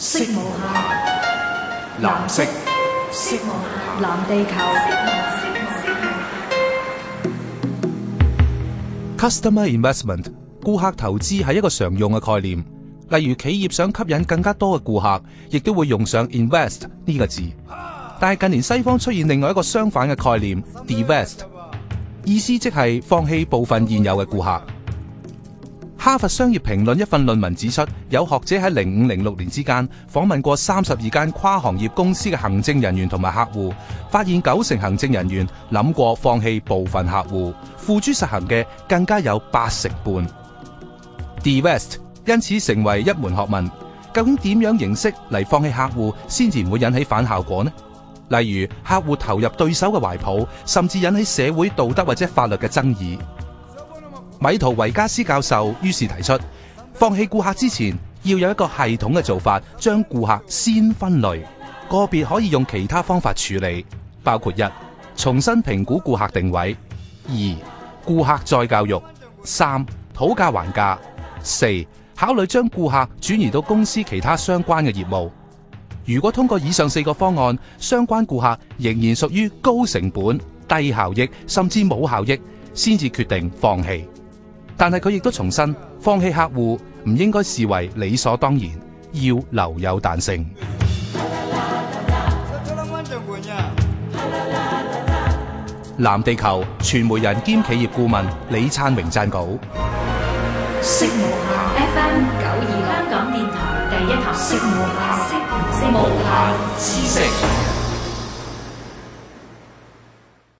色無限，藍色。藍色無限，色藍地球。Customer investment，顧客投資係一個常用嘅概念。例如企業想吸引更加多嘅顧客，亦都會用上 invest 呢個字。但係近年西方出現另外一個相反嘅概念，divest，意思即係放棄部分現有嘅顧客。《哈佛商業評論》一份論文指出，有學者喺零五零六年之間訪問過三十二間跨行業公司嘅行政人員同埋客戶，發現九成行政人員諗過放棄部分客戶，付諸實行嘅更加有八成半。Divest 因此成為一門學問。究竟點樣形式嚟放棄客戶，先至唔會引起反效果呢？例如，客戶投入對手嘅懷抱，甚至引起社會道德或者法律嘅爭議。米圖維加斯教授於是提出，放棄顧客之前，要有一個系統嘅做法，將顧客先分類，個別可以用其他方法處理，包括一、重新評估顧客定位；二、顧客再教育；三、討價還價；四、考慮將顧客轉移到公司其他相關嘅業務。如果通過以上四個方案，相關顧客仍然屬於高成本、低效益，甚至冇效益，先至決定放棄。但係佢亦都重申，放棄客戶唔應該視為理所當然，要留有彈性。La la la 藍地球傳媒人兼企業顧問李燦榮撰稿。